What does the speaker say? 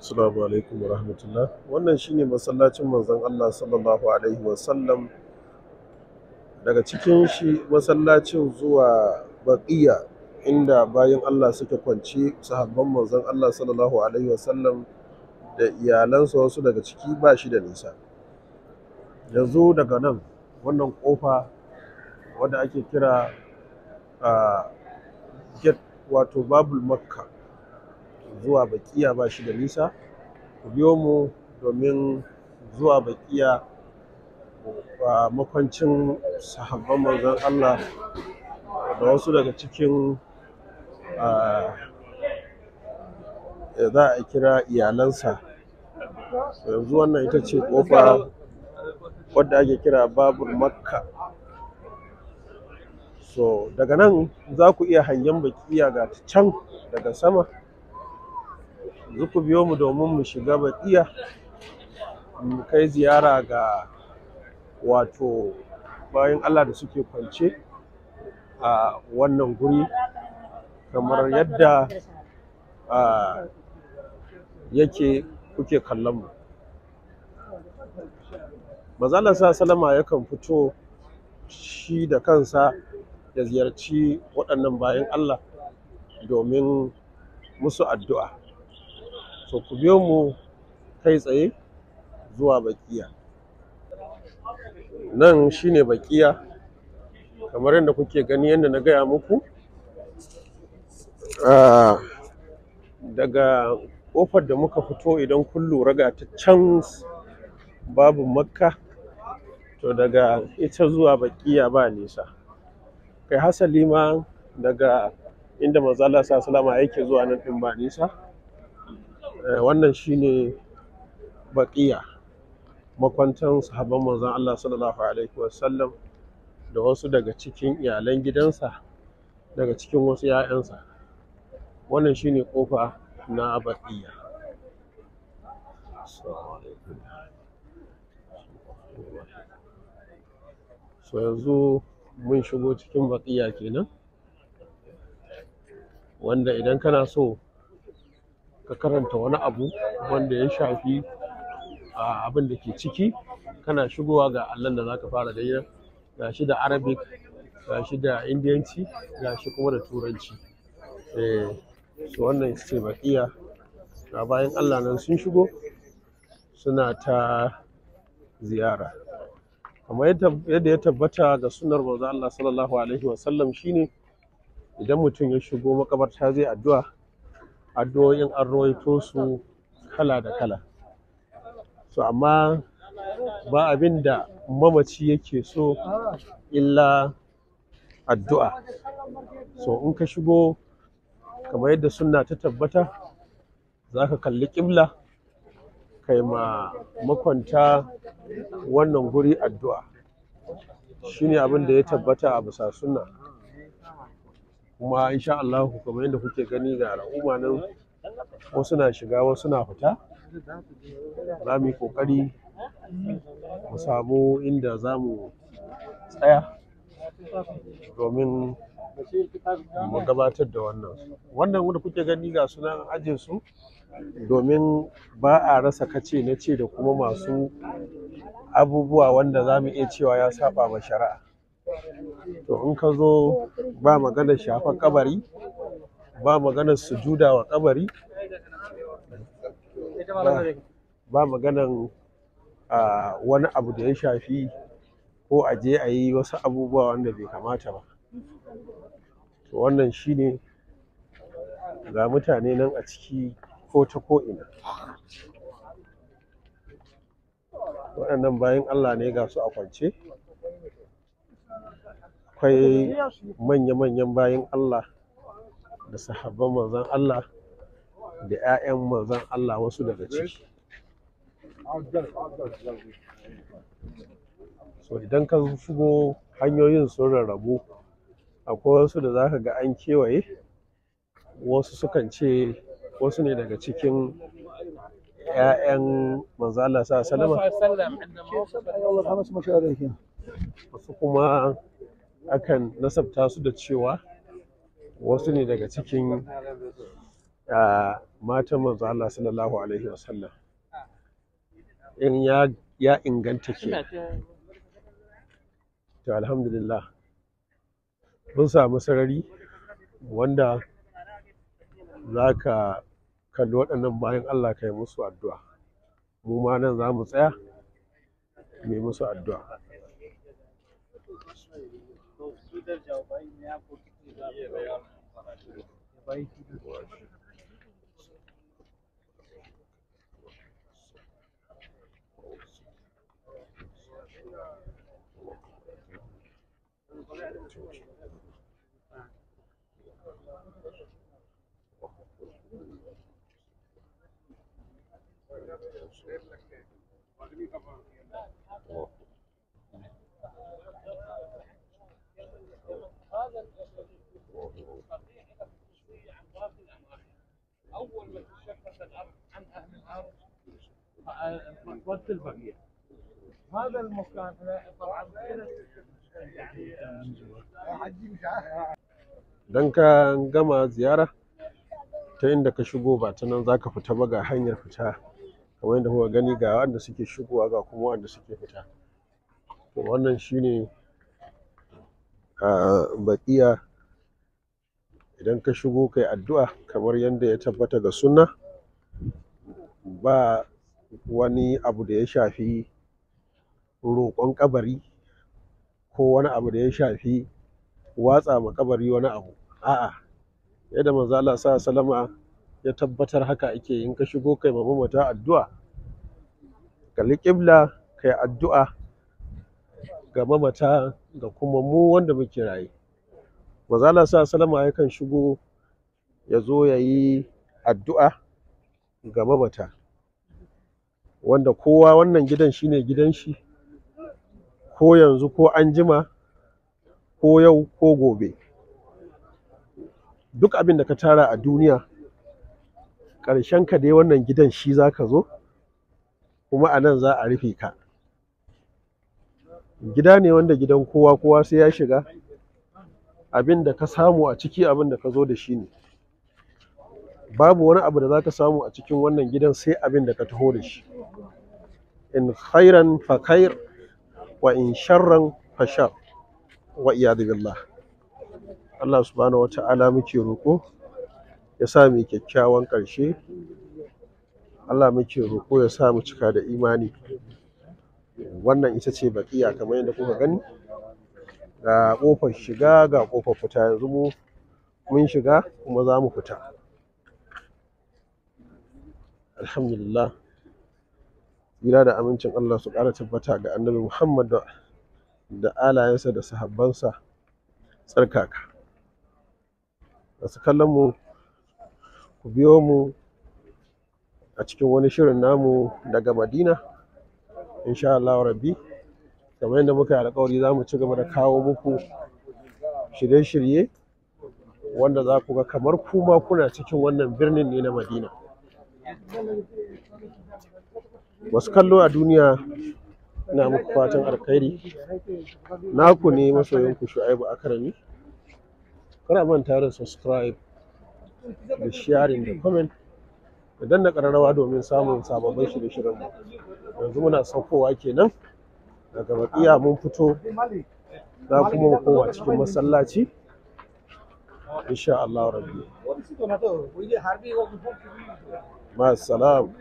Assalamu alaikum warahmatullah. Wannan shine masallacin manzon Allah sallallahu alaihi wasallam. Daga cikin shi masallacin zuwa baqiya inda bayan Allah suka kwance sahabban manzon Allah sallallahu alaihi wasallam da iyalansa wasu daga ciki ba shi da nisa. Yanzu daga nan wannan kofa wadda ake kira a uh, wato babul makka zuwa baƙiya ba shi da nisa ku biyo mu domin zuwa baƙiya a makwancin sahabban manzon Allah da wasu daga cikin za a kira iyalansa yanzu wannan ita ce kofa wadda ake kira babur makka so daga nan za ku iya hangen bakiya ga can daga sama zuku biyo mu domin mu shiga baƙiya mu kai ziyara ga wato bayan Allah da suke kwance a wannan guri kamar yadda yake kuke kallon mu mazalar sa salama yakan fito shi da kansa ya ziyarci waɗannan bayan Allah domin musu addu'a so ku biyo mu kai tsaye zuwa bakiya nan shine bakiya kamar yadda kuke gani yadda na gaya muku daga kofar da muka fito idan kun lura ga ta can babu makka to daga ita zuwa bakiya ba nisa kai hasali ma daga inda manzo Allah sallallahu alaihi wasallam yake zuwa nan din ba nisa Eh, wannan shine baƙiya makwantan sahabban manzon Allah sallallahu alaihi wasallam da wasu daga cikin iyalan gidansa daga cikin wasu 'ya'yansa wannan shine kofa na baƙiya so yanzu mun shigo cikin baƙiya kenan wanda idan kana so ka karanta wani abu wanda ya shafi abin da ke ciki kana shigowa ga allon da zaka fara da yin ga shi da arabic ga shi da indiyanci ga shi kuma da turanci su eh, wannan ce bakiya ga bayan allah nan sun shigo suna ta ziyara amma yadda ya tabbata ga sunar manzo Allah sallallahu alaihi wasallam shine idan mutum ya shigo makabarta zai addu'a addu'o'in an rawaito su kala da kala su amma ba abin da mamaci yake so illa addu'a so in ka shigo kamar yadda sunna ta tabbata za ka kalli ƙibla kai ma makwanta wannan guri addu'a shine abin da ya tabbata a bisa sunna kuma insha Allah kamar yadda kuke gani ga al'umma nan wasu na shiga wasu na fita za mu yi kokari mu samu inda za mu tsaya domin mu gabatar da wannan wannan wanda kuke gani ga sunan ajin su domin ba a rasa kace na ce da kuma masu abubuwa wanda za mu iya cewa ya saba ma shari'a to in ka zo ba magana shafa kabari ba magana sujuda wa kabari ba maganar wani abu da ya shafi ko a je a yi wasu abubuwa wanda bai kamata ba to wannan shi ne ga mutane nan a ciki ko ta ko'ina waɗannan bayan allah ne ga su a kwance akwai manya-manyan bayan Allah da sahabban manzan Allah da 'ya'yan manzan Allah wasu daga ciki so idan ka shigo hanyoyin sun rarrabu akwai wasu da zaka ga an kewaye wasu sukan ce wasu ne daga cikin 'ya'yan manzan Allah sa salama. wasu kuma akan nasabta su da cewa wasu ne daga cikin matan manzo Allah sallallahu alaihi wasallam in ya ya inganta ke to alhamdulillah mun samu sarari wanda za ka kalli waɗannan bayan Allah ka yi musu addu'a mu ma nan za mu tsaya mu musu addu'a इधर जाओ भाई मैं आपको कितनी भाई लगते हैं आदमी का idan البقيه هذا المكان طبعا ka gama ziyara ta inda ka shigo ba ta nan zaka fita ba ga hanyar fita kamar yadda kuka gani ga wanda suke shigowa ga kuma wanda suke fita to wannan shine a baƙiya idan ka shigo kai addu'a kamar yadda ya tabbata ga sunna ba wani abu da ya shafi roƙon ƙabari, ko wani abu da ya shafi watsa ma ƙabari wani abu a'a yadda manzo Allah sa salama ya tabbatar haka ake in ka shigo kai ma mamata addu'a kalli kibla kai addu'a ga mamata da kuma mu wanda muke raye manzo Allah sa salama yakan shigo ya zo ya yi addu'a ga mamata wanda kowa wannan gidan shine gidan shi ko yanzu ko an jima ko yau ko gobe duk abin da ka tara a duniya ƙarshen ka dai wannan gidan shi za ka zo kuma a nan za a rufe ka gida ne wanda gidan kowa kowa sai ya shiga abin da ka samu a ciki abin da ka zo da shi ne babu wani abu da za zaka samu a cikin wannan gidan sai abin da ka taho da shi in khairan fa khair wa in sharran fa shar wa iyadu billah Allah subhanahu wata'ala muke roƙo ya sa mu kyakkyawan ƙarshe Allah muke roƙo ya sa mu cika da imani wannan ita ce baƙiya kamar yadda kuka gani ga ƙofar shiga ga ƙofar fita yanzu mu mun shiga kuma za mu fita alhamdulillah tsira da amincin Allah su ƙara tabbata ga annabi Muhammad da alayensa da sahabbansa tsarkaka masu kallon mu ku biyo mu a cikin wani shirin namu daga Madina insha Allah rabbi kamar yadda muka yi alƙawari za mu ci gaba da kawo muku shirye-shirye wanda za ku ga kamar kuma kuna cikin wannan birnin ne na Madina wasu kallo a duniya ina muku fatan alkhairi naku ne masoyanku shu'aibu akarami kana man da subscribe da sharing da comment da danna kararrawa domin samun sababbin shirye shirin mu yanzu muna saukowa kenan daga bakiya mun fito za kuma mu kowa cikin masallaci insha Allah rabbi مع السلامه